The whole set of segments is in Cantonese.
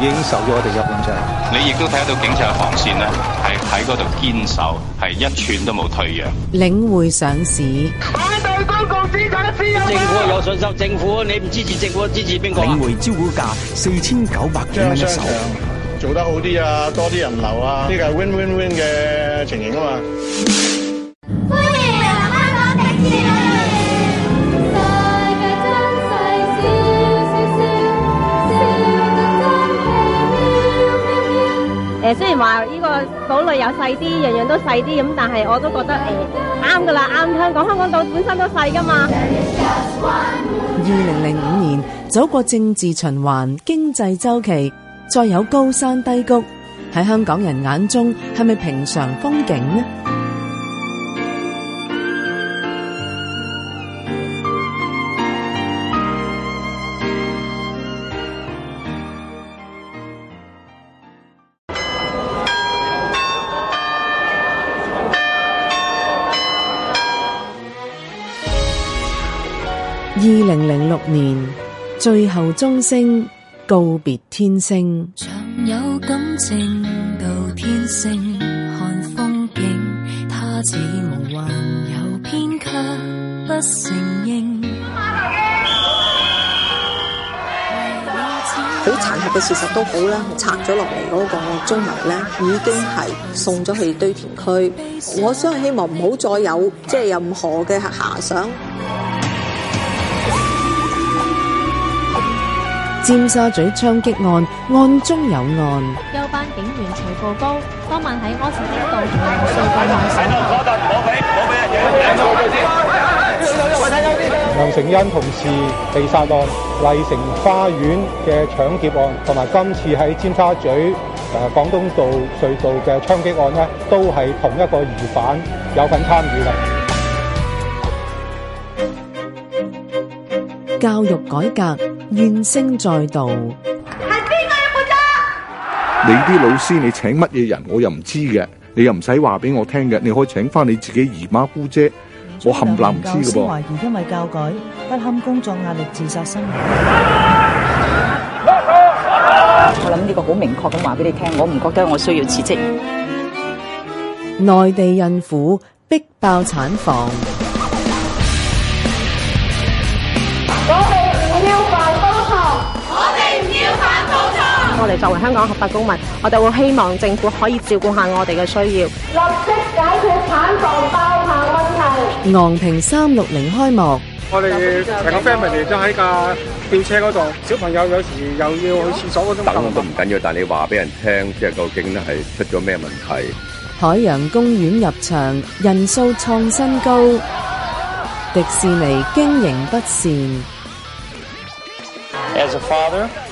已經受咗我哋一半啫。你亦都睇得到警察嘅防線咧，係喺嗰度堅守，係一寸都冇退讓。領匯上市公共資，政府有信心。政府你唔支持政府，支持邊個啊？領匯招股價四千九百幾蚊一手，做得好啲啊，多啲人流啊，呢個係 win win win 嘅情形啊嘛。歡迎香港話呢個島內有細啲，樣樣都細啲咁，但係我都覺得誒啱噶啦，啱、哎、香港，香港島本身都細噶嘛。二零零五年走過政治循環、經濟周期，再有高山低谷，喺香港人眼中係咪平常風景呢？二零零六年，最後鐘聲告別天星。長有感情到天星，看風景，他似夢幻又偏卻不承認。好殘酷嘅事實都好啦，拆咗落嚟嗰個鐘樓咧，已經係送咗去堆填區。我真係希望唔好再有即係任何嘅遐想。尖沙咀槍擊案，案中有案。怨聲載道，係邊個要負責？你啲老師你請乜嘢人，我又唔知嘅，你又唔使話俾我聽嘅，你可以請翻你自己姨媽姑姐，我冚唪唥唔知嘅。有教師懷疑因為教改不堪工作壓力自殺身亡。我諗呢個好明確咁話俾你聽，我唔覺得我需要辭職。內地孕婦逼爆產房。我哋作為香港合法公民，我哋會希望政府可以照顧下我哋嘅需要，立即解決產房爆棚問題。昂平三六零開幕，我哋成個 family 都喺架吊車嗰度，小朋友有時又要去廁所嗰種等都唔緊要，但係你話俾人聽，即係究竟咧係出咗咩問題？海洋公園入場人數創新高，迪士尼經營不善。As a father.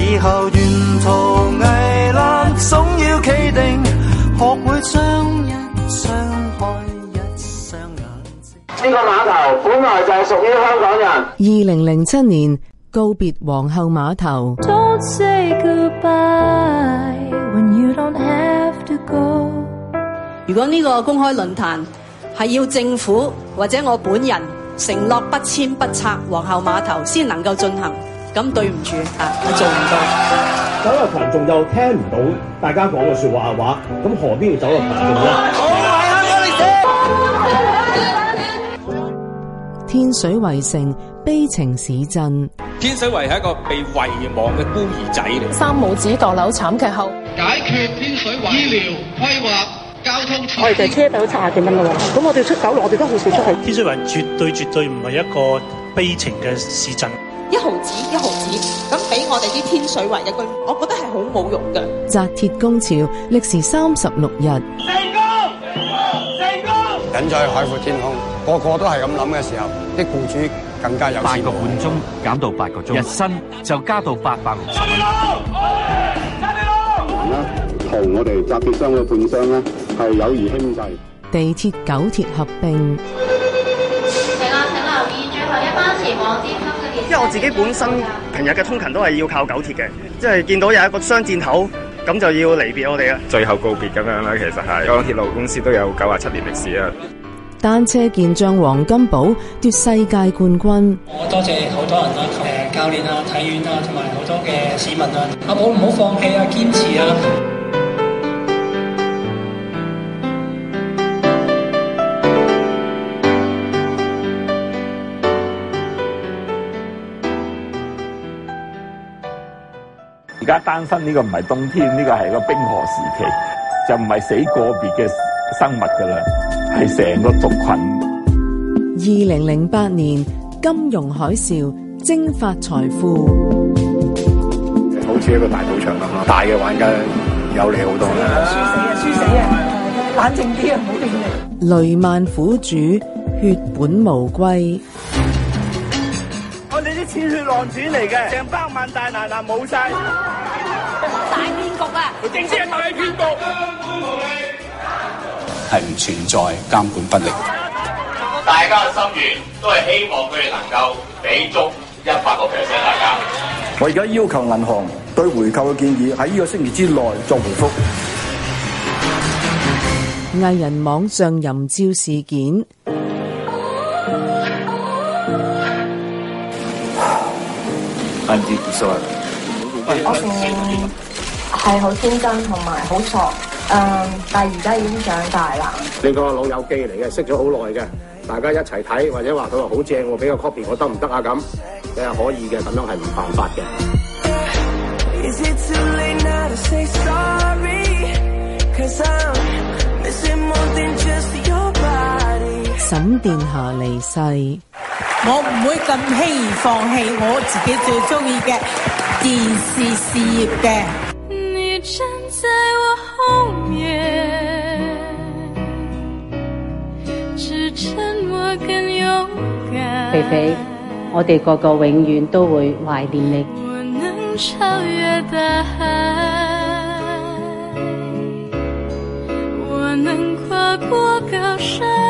以後沿途危難總要企定，學會傷害一雙眼睛。呢個碼頭本來就係屬於香港人。二零零七年告別皇后碼頭。如果呢個公開論壇係要政府或者我本人承諾不遷不拆皇后碼頭，先能夠進行。咁對唔住啊，我做唔到。走入群眾就聽唔到大家講嘅說話嘅話，咁何必要走入群眾咧？天水圍城悲情市鎮，天水圍係一個被遺忘嘅孤兒仔嚟。三母子墮樓慘劇後，解決天水圍醫療規劃交通。我哋就車到七十幾蚊啦喎。咁我哋出九龍，我哋都好少出去。天水圍絕對絕對唔係一個悲情嘅市鎮。一毫子一毫子，咁俾我哋啲天水圍一句，我覺得係好冇用嘅。紮鐵工潮歷時三十六日，成功成功。緊在海闊天空，個個都係咁諗嘅時候，啲雇主更加有。八個半鐘減到八個鐘，日薪就加到八百蚊。兄弟佬，兄弟佬。同我哋紮鐵箱嘅判箱呢，係友誼兄弟。地鐵九鐵合併。乘客請留意，最後一班前往尖因為我自己本身平日嘅通勤都係要靠九鐵嘅，即係見到有一個雙箭頭，咁就要離別我哋啦。最後告別咁樣啦，其實係。港鐵路公司都有九啊七年歷史啊。單車健將黃金寶奪世界冠軍。我多謝好多人啊，誒教練啊、體院啊，同埋好多嘅市民啊，阿寶唔好放棄啊，堅持啊。而家單身呢個唔係冬天，呢、這個係個冰河時期，就唔係死個別嘅生物噶啦，係成個族群。二零零八年金融海嘯蒸發財富，好似一個大賭場咁，大嘅玩家有你好多啦。輸死啊，輸死啊，冷靜啲啊，唔好亂嚟。雷曼苦主血本無歸。血浪子嚟嘅，成百萬大難難冇晒，大騙局啊！點知係大騙局？監管無力係唔存在，監管不力。大家嘅心願都係希望佢哋能夠俾足一百個 percent 俾大家，我而家要求銀行對回購嘅建議喺呢個星期之內作回覆。藝人網上淫照事件。我好天真同埋好傻，但而家已經長大啦。呢個老友記嚟嘅，識咗好耐嘅，大家一齊睇或者話佢話好正我俾個 copy 我得唔得啊？咁，你係可以嘅，咁樣係唔犯法嘅。沈殿霞離世。我唔會咁輕易放棄我自己最中意嘅電視事業嘅。你站在我後面，只襯我更勇敢。肥肥，我哋個個永遠都會懷念你。我能超越大海，我能跨過高山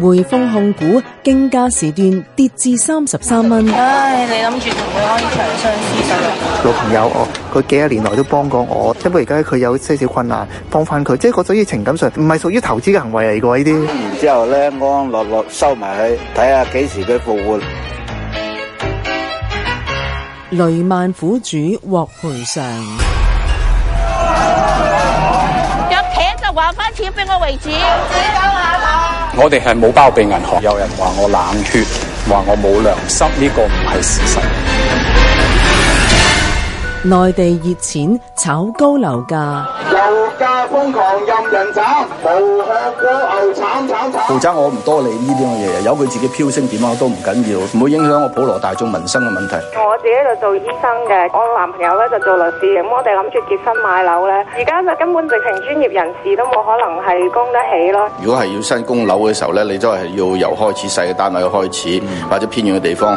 匯豐控股競價時段跌至三十三蚊。唉、哎，你諗住同佢開場商議就？老朋友，我佢幾多年來都幫過我，因為而家佢有些少困難，幫翻佢，即係我屬於情感上，唔係屬於投資嘅行為嚟嘅呢啲。然之後咧，安安樂樂收埋去，睇下幾時佢復活。雷曼苦主獲賠償。有艇就還翻錢俾我為止。止我哋係冇包庇銀行，有人話我冷血，話我冇良心，呢個唔係事實。內地熱錢炒高樓價，樓價瘋狂任人炒，無殼蝸牛慘慘慘。負責我唔多理呢啲嘅嘢，有佢自己飄升點啊都唔緊要，唔會影響我普羅大眾民生嘅問題。我自己就做醫生嘅，我男朋友咧就做律師，咁我哋諗住結婚買樓咧，而家就根本直情專業人士都冇可能係供得起咯。如果係要新供樓嘅時候咧，你都係要由開始細嘅單位開始，嗯、或者偏遠嘅地方。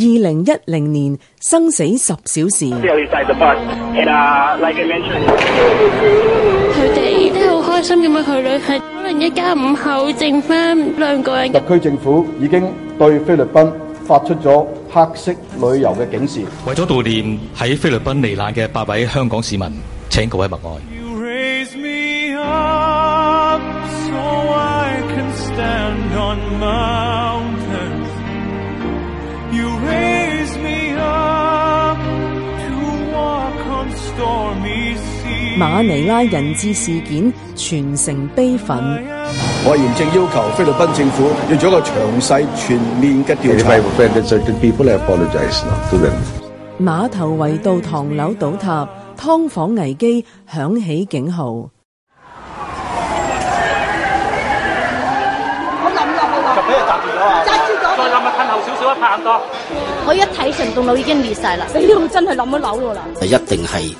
二零一零年生死十小時，佢哋都好開心咁去旅行，可能一家五口剩翻兩個人。特區政府已經對菲律賓發出咗黑色旅遊嘅警示，為咗悼念喺菲律賓罹難嘅八位香港市民，請各位默哀。馬尼拉人質事件全城悲憤，我嚴正要求菲律賓政府要做一個詳細全面嘅調查。馬頭圍道唐，唐樓倒塌，劏房危機響起警號。我冧啦、啊，我冧。就俾人砸住咗啊！砸斷咗！再冧咪後少少一拍更多。我一睇成棟樓已經裂晒啦，屌！真係冧咗樓啦。一定係。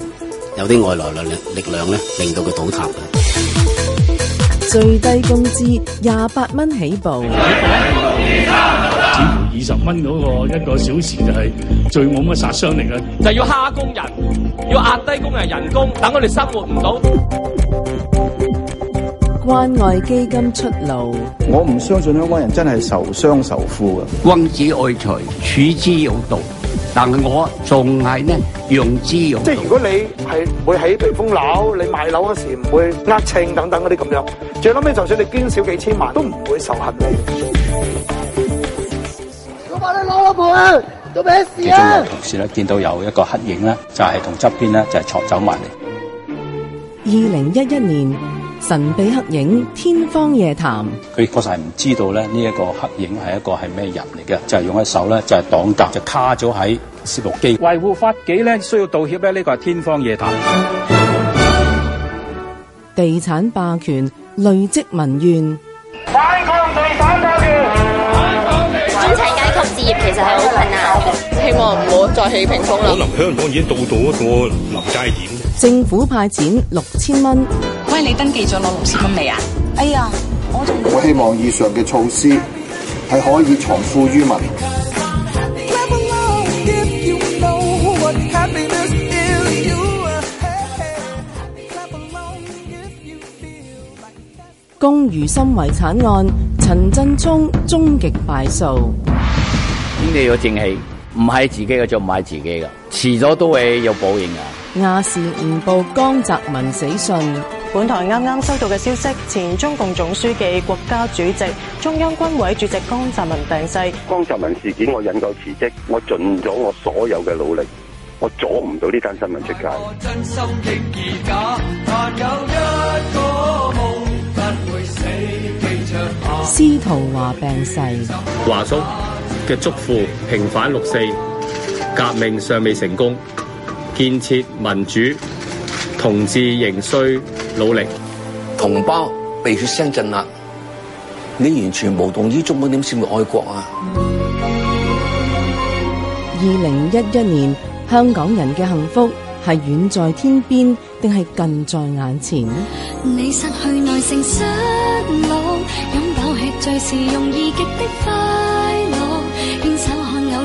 有啲外來的力量，力量咧令到佢倒塌嘅。最低工資廿八蚊起步，只要二十蚊嗰個一個小時就係最冇乜殺傷力嘅，就要蝦工人，要壓低工人人工，等我哋生活唔到。 關愛基金出路，我唔相信香港人真係受傷受富嘅。君子愛財，取之有道。但係我仲係咧用資用。即係如果你係會喺避風樓，你買樓嗰時唔會壓秤等等嗰啲咁樣，最後尾就算你捐少幾千萬，都唔會受限嘅。老闆，你攞老婆，做咩事啊？同時咧，見到有一個黑影咧，就係同側邊咧就係、是、坐走埋嚟。二零一一年。神秘黑影，天方夜譚。佢確實係唔知道咧，呢一個黑影係一個係咩人嚟嘅，就係、是、用一手咧，就係擋夾，就卡咗喺攝錄機。維護法紀咧，需要道歉咧，呢、這個係天方夜譚。地產霸權累積民怨，反抗地產霸權。產產中產階級置業其實係好困難，希望唔好再起平反啦。可能香港已經到到一個臨界點。政府派錢六千蚊。你登記咗攞六千蚊未啊？哎呀，我仲我希望以上嘅措施係可以藏富於民。龔如心遺產案，陳振聰終極敗訴。天地有正氣，唔係自己嘅就唔係自己嘅。遲咗都會有報應啊！亞視誤報江澤民死訊。本台同志仍需努力，同胞被血腥鎮壓，你完全無動於衷，點算愛國啊？二零一一年，香港人嘅幸福係遠在天邊定係近在眼前？你失去耐性失落擁有血最是容易極的花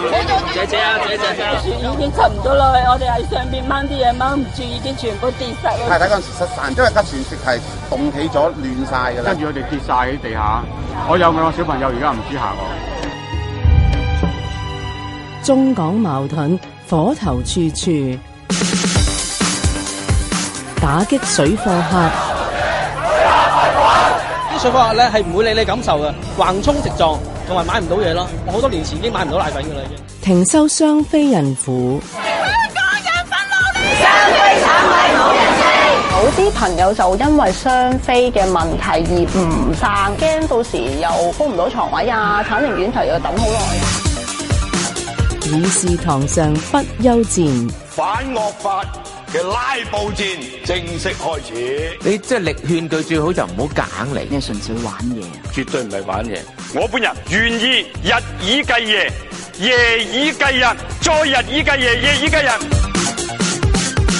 謝謝啊，謝謝啊！船已經沉咗落去，我哋喺上邊掹啲嘢，掹唔住，已經全部跌晒啦。係睇嗰陣時失散，因為急轉即係凍起咗，亂晒噶啦，跟住我哋跌晒喺地下。我有嘅，我小朋友而家唔知行。中港矛盾火頭處處，打擊水貨客。啲水貨客咧係唔會理你感受嘅，橫衝直撞。同埋買唔到嘢咯，好多年前已經買唔到奶粉噶啦。已經停收雙非孕婦，雙非產位冇人爭，好啲朋友就因為雙非嘅問題而唔生，驚到時又封唔到床位啊，產完院頭要等好耐。議事堂上不休戰，反惡法嘅拉布戰正式開始。你即係力勸佢最好就唔好揀嚟，你純粹玩嘢，啊、絕對唔係玩嘢。我本人願意日以繼夜，夜以繼日，再日以繼夜，夜以繼日。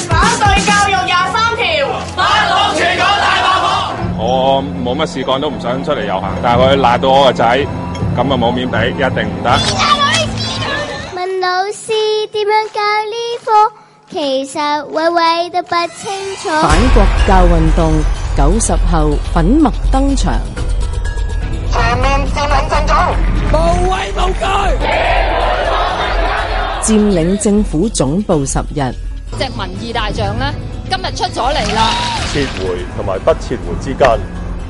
反對教育廿三條，反老全港大爆徒。我冇乜事幹都唔想出嚟遊行。但係佢賴到我個仔，咁啊冇面俾，一定唔得。問老師點樣教呢科，其實位位都不清楚。反國教運動九十後粉墨登場。佔領政府總部十日，隻民意大將呢，今日出咗嚟啦。撤回同埋不撤回之間，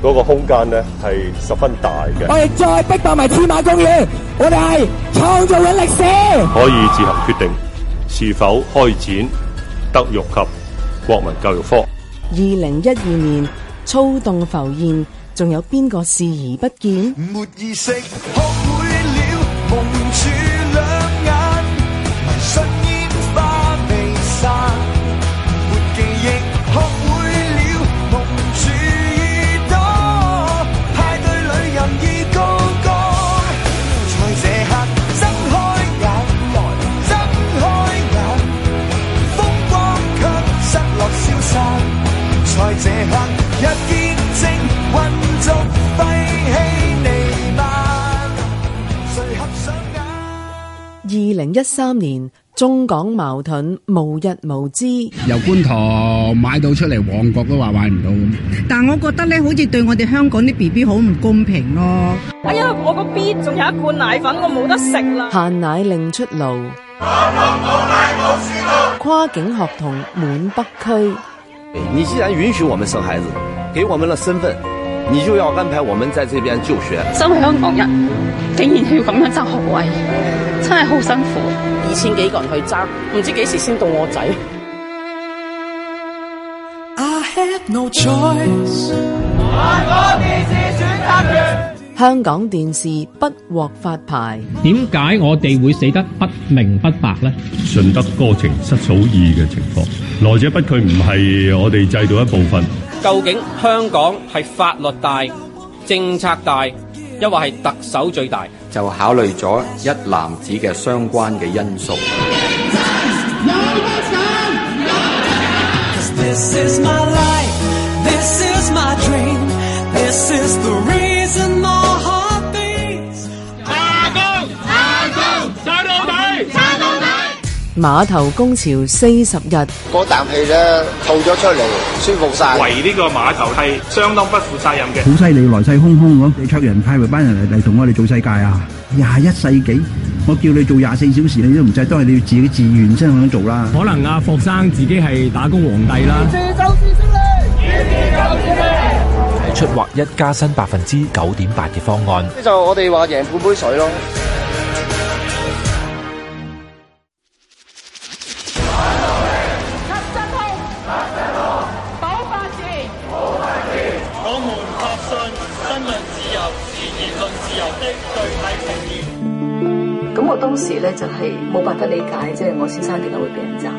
嗰個空間呢係十分大嘅。我哋再逼爆埋添馬公園，我哋係創造緊歷史。可以自行決定是否開展德育及國民教育科。二零一二年躁動浮現。仲有邊個視而不見？二零一三年，中港矛盾無日無之。由觀塘買到出嚟旺角都話買唔到。但我覺得咧，好似對我哋香港啲 B B 好唔公平咯。哎呀，我個 B 仲有一罐奶粉，我冇得食啦。限奶令出爐，跨境學童滿北區。你既然允許我們生孩子，給我們了身份，你就要安排我們在這邊就學。新香港人。竟然要咁樣爭學位，真係好辛苦。二千幾個人去爭，唔知幾時先到我仔。I have no choice，香港電視選特權，香港電視不獲發牌，點解我哋會死得不明不白呢？順得哥情失嫂意嘅情況，來者不拒唔係我哋制度一部分。究竟香港係法律大、政策大？因為係特首最大，就考慮咗一男子嘅相關嘅因素。碼頭工潮四十日，嗰啖氣咧吐咗出嚟，舒服晒。圍呢個碼頭係相當不負責任嘅，好犀利，來勢洶洶咁。你出人派埋班人嚟嚟同我哋做世界啊！廿一世紀，我叫你做廿四小時，你都唔制，都係你要自己自願先咁樣做啦，啊。可能阿，啊、霍生自己係打工皇帝啦。四出劃一加薪百分之九點八嘅方案，呢就我哋話贏半杯水咯。先生點解會俾人斬？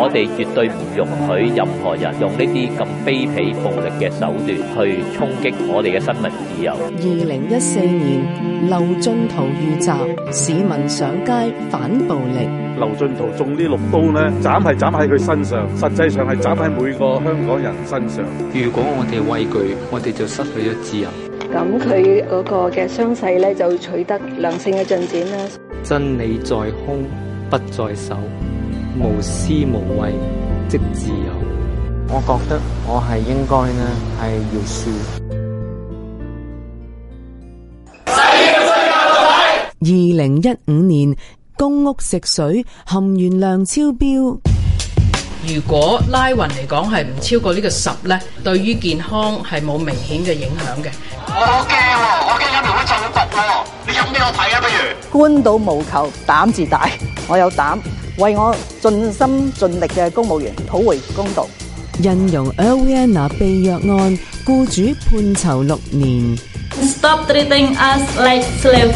我哋絕對唔容許任何人用呢啲咁卑鄙暴力嘅手段去衝擊我哋嘅新聞自由。二零一四年，劉進圖遇襲，市民上街反暴力。劉進圖中呢六刀咧，斬係斬喺佢身上，實際上係斬喺每個香港人身上。如果我哋畏懼，我哋就失去咗自由。咁佢嗰個嘅傷勢咧，就取得良性嘅進展啦。真理在胸，不在手，無私無畏即自由。我覺得我係應該呢係要輸。二零一五年公屋食水含鉛量超標。如果拉匀嚟講係唔超過呢個十呢，對於健康係冇明顯嘅影響嘅。我好驚喎，我驚有人會中咗毒喎。有咩好睇啊？不如官到無求，膽自大。我有膽為我盡心盡力嘅公務員討回公道。印傭 Erwiana 被虐案，雇主判囚六年。Stop treating us like slaves。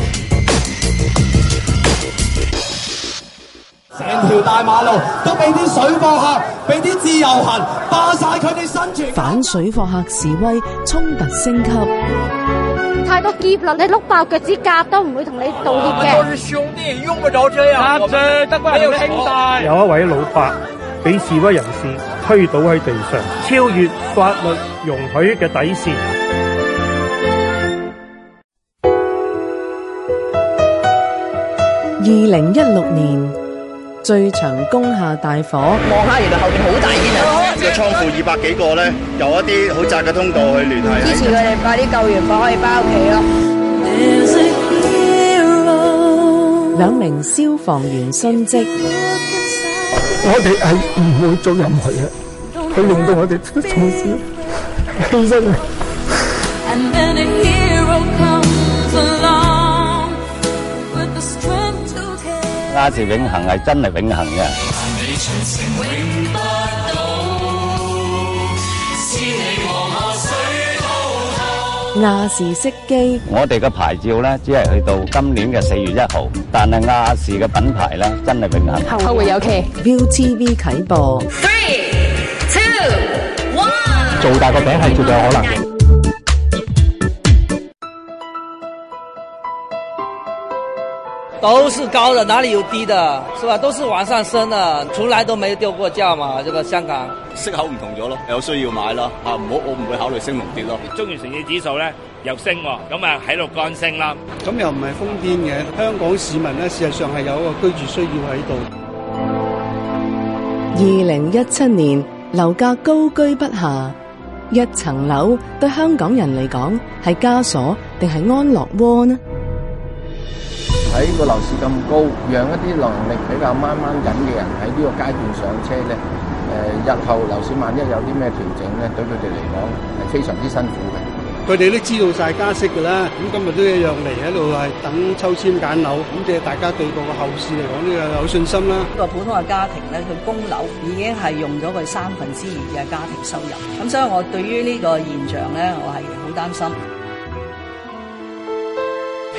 成條大馬路都俾啲水貨客，俾啲自由行霸曬佢哋生存。反水貨客示威，衝突升級。太多結論！你碌爆腳趾甲都唔會同你道歉嘅。我們都是兄弟，最用不着這樣。得、啊、怪我們冇。有一位老伯俾示威人士推倒喺地上，超越法律容許嘅底線。二零一六年最長工廈大火，望下原來後邊好大煙、啊。個倉庫二百幾個咧，有一啲好窄嘅通道去聯繫。之前佢哋快啲救援貨可以翻屋企咯。兩名消防員殉職，我哋係唔會做任何嘢，佢令到我哋都傷心，傷心。那是永恒，係真係永恒嘅。亞視熄機，我哋嘅牌照咧只係去到今年嘅四月一號，但係亞視嘅品牌咧真係永恒。後會有期，ViuTV 啟播。Three, two, one。做大個餅係絕對有可能。3, 2, 都是高的，哪裏有低的，是吧？都是往上升的，從來都沒掉過價嘛。這個香港，息口唔同咗咯，有需要買咯，吓，唔好，我唔會考慮升龍跌咯。中原城市指數咧又升，咁啊喺度乾升啦，咁又唔係瘋癲嘅。香港市民咧事實上係有一個居住需要喺度。二零一七年樓價高居不下，一層樓對香港人嚟講係枷鎖定係安樂窩呢？喺個樓市咁高，讓一啲能力比較掹掹緊嘅人喺呢個階段上車咧，誒，日後樓市萬一有啲咩調整咧，對佢哋嚟講係非常之辛苦嘅。佢哋都知道曬加息㗎啦，咁今日都一樣嚟喺度係等抽籤揀樓，咁即係大家對個後市嚟講咧又有信心啦。呢個普通嘅家庭咧，佢供樓已經係用咗佢三分之二嘅家庭收入，咁所以我對於呢個現象咧，我係好擔心。